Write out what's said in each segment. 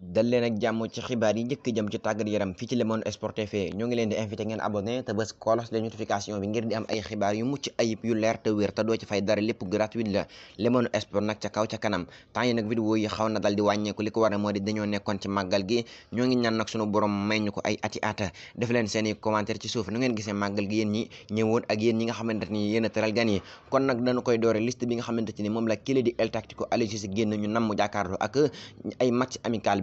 dal leen ak jàmm ci xibaar yi njëkk jëm ci tàggat yaram fii ci Le Monde Sport TV ñoo ngi leen di invité ngeen abonné te bés kolos de notification bi ngir di am ay doo yi nag vidéo yi xaw na dal di wàññeeku li ko war a moo di dañoo nekkoon ci ko ay ati ata leen seen i ci suuf nu ngeen gisee màggal gi yéen ñi ñëwoon ak ni yéen a tëral koy doore liste bi nga xamante moom la kili di El Tactico Aliou Cissé génn ay match amical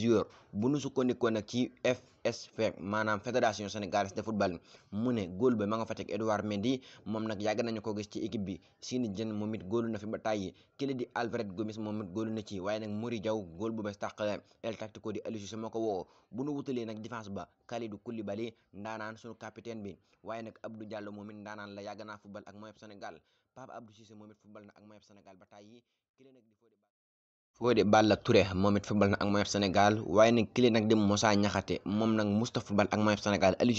joueurs bu nu sukkandikoo nag ci FSF maanaam fédération sénégalaise de football mu ne góol ba ma nga fa teg Edouard Mendy moom nag yàgg nañu ko gis ci équipe bi Seny Dieng moom na fi ba tàyyi kili di Alfred Gomis moom it na ci waaye nag Mory Diaw góol bu bees El Tactico di Aliou Cissé moo ko bu nu wutalee nag défense ba Kalidou Koulibaly ndaanaan sunu capitaine bi waaye nag Abdou Diallo moom it ndaanaan la yàgg naa football ak moyeb Sénégal na ak moyeb Sénégal ba tàyyi kili nag di koo di Balla Touré moom it football na ak mayof Sénégal waaye nag kile nag di Moussa Niakhaté moom nag musta football ak mayof Sénégal Aliou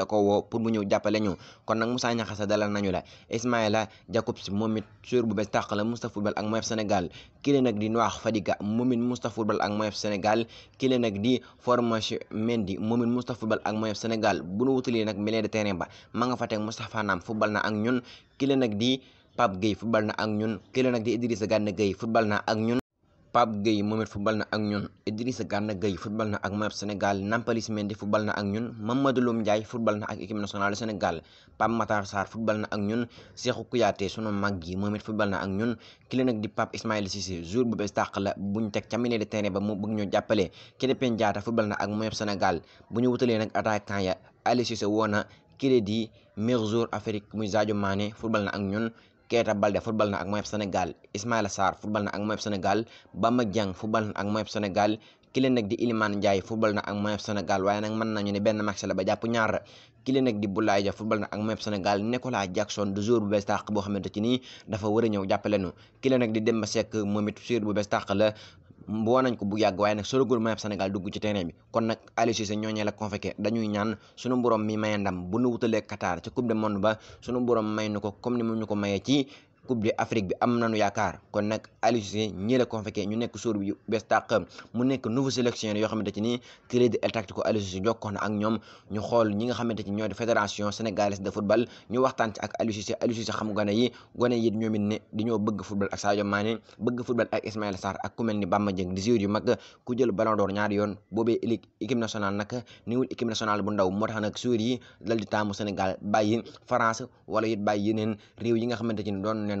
da ko woo pour mu ñëw jàppale ñu kon nag Moussa Niakhaté dalal nañu la Ismaïla Jakobs moom it suur bu bees tàq la musta football ak mayof Sénégal di Noah Fadiga moom it football ak mayof Sénégal bu nu wutalee nag milieu de terrain ba ma nga fa teg Moustapha Naam football na ak ñun kile nag di Pape Gueye football na ak ñun kële nag di Idrissa Gana Gueye football na ak ñun Pape Gueye moom it football na ak ñun Idrissa Gana Gueye football na ak Maab Sénégal Nampalys Mendy football na ak ñun Mamadou Loum Ndiaye football na ak équipe nationale du Sénégal Pape Matar Sarr football na ak ñun Cheikhou Kouyaté sunu mag yi football na ak ñun kile nag di Pape Ismaïla Cissé jour bu bees la bu teg ca milieu de ba mu bëgg ñoo jàppale kile Krépin football na ak Maab Sénégal bu wutalee nag attaquant Keita Balde football na ak Moyab Sénégal Ismaïla Sarr football na ak Moyab Sénégal Bamba Dieng football na ak Moyab Sénégal ki leen nag di Iliman Ndiaye football na ak Moyab Sénégal waaye nag mën nañu ne benn match la ba jàpp ñaar ki leen nag di Boulaye Dia football na ak Moyab Sénégal Nicolas Jackson du jour bu bees tàq boo xamante ci nii dafa war a ñëw jàppale nu ki leen nag di Demba Seck moom it jour bu bees tàq la woo nañ ko bu yàgg waaye nag sorogul mayab Sénégal dugg ci terrain bi kon nag Aliou Cissé ñooñee la convoqué dañuy ñaan sunu borom mi maye ndam bu nu wutalee Qatar ci coupe du ba sunu borom may nu ko comme ni mu ñu ko mayee ci coupe de Afrique bi am nañu yaakaar kon nag Aliou Cissé ñi la ñu nekk sóor bu bees mu nekk nouveau sélection yoo xamante ci ni crédit el tactico Aliou Cissé jokkoon ak ñoom ñu xool ñi nga xamante ci ñoo di fédération sénégalaise de football ñu waxtaan ci ak Aliou Cissé Aliou Cissé xam gone yi gone yi ñoom it ne dañoo bëgg football ak Sadio Mané bëgg football ak Ismaïla Sarr ak ku ni Bamba Dieng di joueur yu mag ku ballon d'or ñaari yoon boobee lig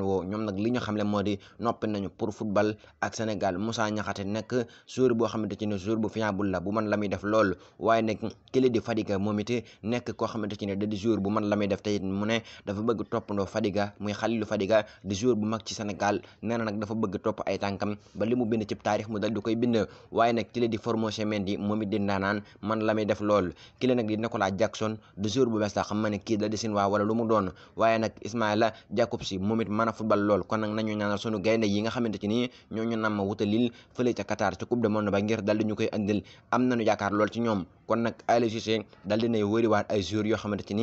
askan woo ñoom nag li ñu xamle moo di noppi nañu football ak Sénégal Moussa Niakhaté nekk joueur boo xam ci ne joueur bu fiable la bu man la muy def lool waaye nag kili di Fadiga moom ne da di joueur bu man la muy def tey mu ne dafa bëgg toppandoo Fadiga muy Khalilou Fadiga di joueur bu mag ci Sénégal nee na nag dafa bëgg topp ay tànkam ba li mu bind ci taarix mu dal di koy bind waaye nag kili di Formose Mendy moom it di ndaanaan man la muy def lool kili nag di Nicolas Jackson di joueur bu bees la xam ma ne kii da di sin waa wala lu mu doon waaye nag Ismaïla Jakobs moom it mën a football lool kon nag nañu ñaanal sunu gaynde yi nga xamante ci nii ñoo ñu namm wutalil ca Qatar ca coupe du monde ba ngir dal ñu koy andil am nañu yaakaar lool ci ñoom kon nag Aliou Cissé dal dinay wëriwaat ay joueurs yoo xamante ci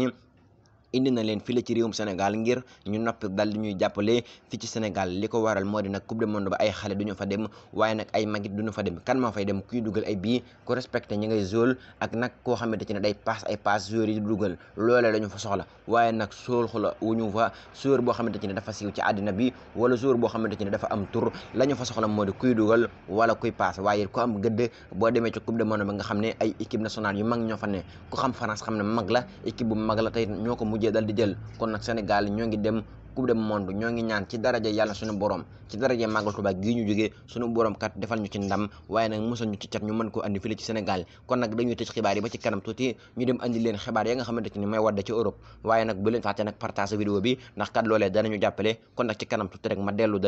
indi na leen fii la ci réewum Sénégal ngir ñu noppi dal di ñuy jàppale fii ci Sénégal li ko waral moo di nag coupe du monde ba ay xale du ñu fa dem waaye nag ay magit du ñu dem kan moo fay dem kuy dugal ay bii ku respecté ñi ngay zool ak koo xamante ci ne day paas ay paas joueurs yi dugal loolee la ñu fa soxla waaye nag sool xula wu ñu fa joueur boo xamante ci ne dafa siiw ci àddina bi wala joueur boo xamante ci ne dafa am tur la ñu fa soxla moo di kuy dugal wala kuy paas waaye ku am gëdd boo demee ci coupe ba nga xam ne ay équipe nationale yu mag ñoo fa ne ku xam France xam ne mag la équipe bu ñoo ko mujjee dal di jël kon nag Sénégal ñoo ngi dem coupe du monde ñoo ngi ñaan ci daraja yàlla suñu borom ci daraja màggal Tuubaa gii ñu jógee suñu borom kat defal ñu ci ndam waaye nag musal ñu ci cat ñu mën koo andi fii ci Sénégal kon nag dañuy tëj xibaar yi ba ci kanam tuuti ñu dem andi leen xibaar ya nga xamante ni may wadda ci Europe waaye nag bu leen fàtte nag partage vidéo bi ndax kat loolee danañu jàppale kon nag ci kanam tuuti rek ma dellu